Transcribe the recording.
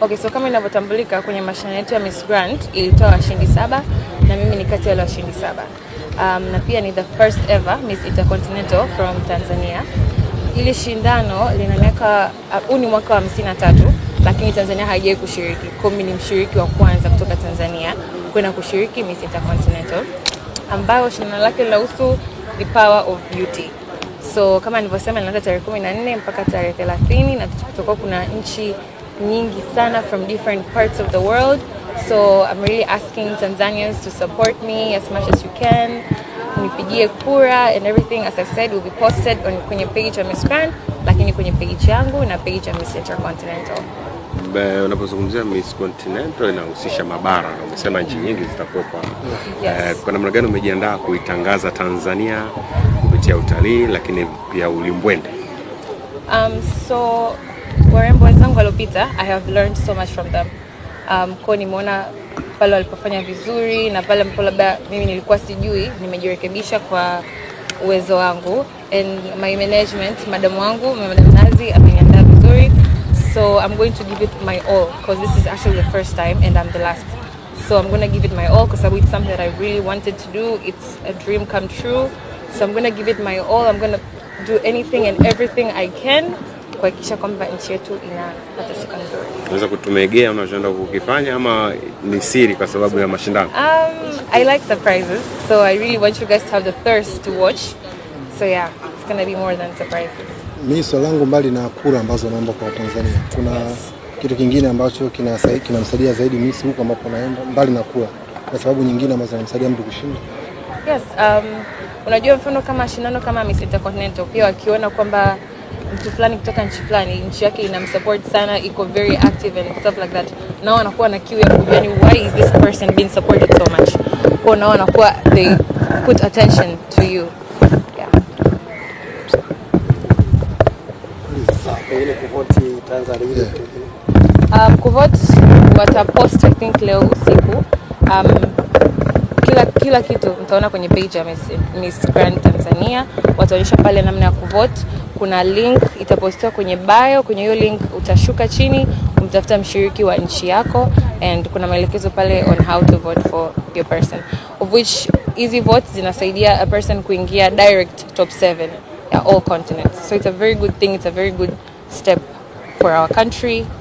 Okay, so kama inavyotambulika kwenye mashindano yetu ya Miss Grant ilitoa washindi saba na mimi ni kati ya wale washindi saba. Um, na pia ni the first ever Miss Intercontinental from Tanzania. Hili shindano lina miaka uh, huu uh, ni mwaka wa 53 lakini Tanzania haijawahi kushiriki. Kwa mimi ni mshiriki wa kwanza kutoka Tanzania kwenda kushiriki Miss Intercontinental ambayo shindano lake linahusu the power of beauty. So kama nilivyosema linaanza tarehe 14 mpaka tarehe 30 na tutakuwa kuna nchi nyingi sana from different parts of the world so I'm really asking Tanzanians to support me as much as you can nipigie kura and everything as I said will be posted on kwenye page ya Miss Grand lakini kwenye page yangu na page ya Miss Intercontinental Unapozungumzia Miss Continental inahusisha mabara na umesema nchi nyingi zitakuwepo. Yes. Eh, kwa namna gani umejiandaa kuitangaza Tanzania kupitia utalii lakini pia ulimbwende? Um, so warembo wenzangu waliopita, I have learned so much from them. Um, kwa nimeona pale walipofanya vizuri na pale ambapo labda mimi nilikuwa sijui, nimejirekebisha kwa uwezo wangu and my management, madam wangu madam ameniandaa vizuri, so I'm going to give it my all because this is actually the first time and I'm the last so I'm going to give it my all because it's something that I really wanted to do. It's a dream come true, so I'm going to give it my all. I'm going to do anything and everything I can kuhakikisha kwamba nchi yetu inapata sifa nzuri. Unaweza kutumegea unachoenda kukifanya ama ni siri kwa sababu ya mashindano? Um, I like surprises. So I really want you guys to have the thirst to watch. So yeah, it's going to be more than surprises. Mimi swali langu mbali na kura ambazo naomba kwa Tanzania. Kuna yes, kitu kingine ambacho kinasaidia kinamsaidia zaidi Miss huko ambapo naenda mbali na kura, kwa sababu nyingine ambazo zinamsaidia mtu kushinda. Yes, um, unajua mfano kama shindano kama Miss Intercontinental pia wakiona kwamba mtu fulani kutoka nchi fulani, nchi yake inamsupport sana, iko very active and stuff like that, nao wanakuwa na kiu ya kujani why is this person being supported so much, kwa nao wanakuwa they put attention to you yeah. Um, kuvote watapost I think leo usiku um, kila, kila kitu mtaona kwenye page ya Miss, Miss Grand Tanzania wataonyesha pale namna ya kuvote kuna link itapostiwa kwenye bio. Kwenye hiyo link utashuka chini, umtafuta mshiriki wa nchi yako, and kuna maelekezo pale on how to vote for your person, of which hizi votes zinasaidia a person kuingia direct top 7 ya all continents, so it's a very good thing, it's a very good step for our country.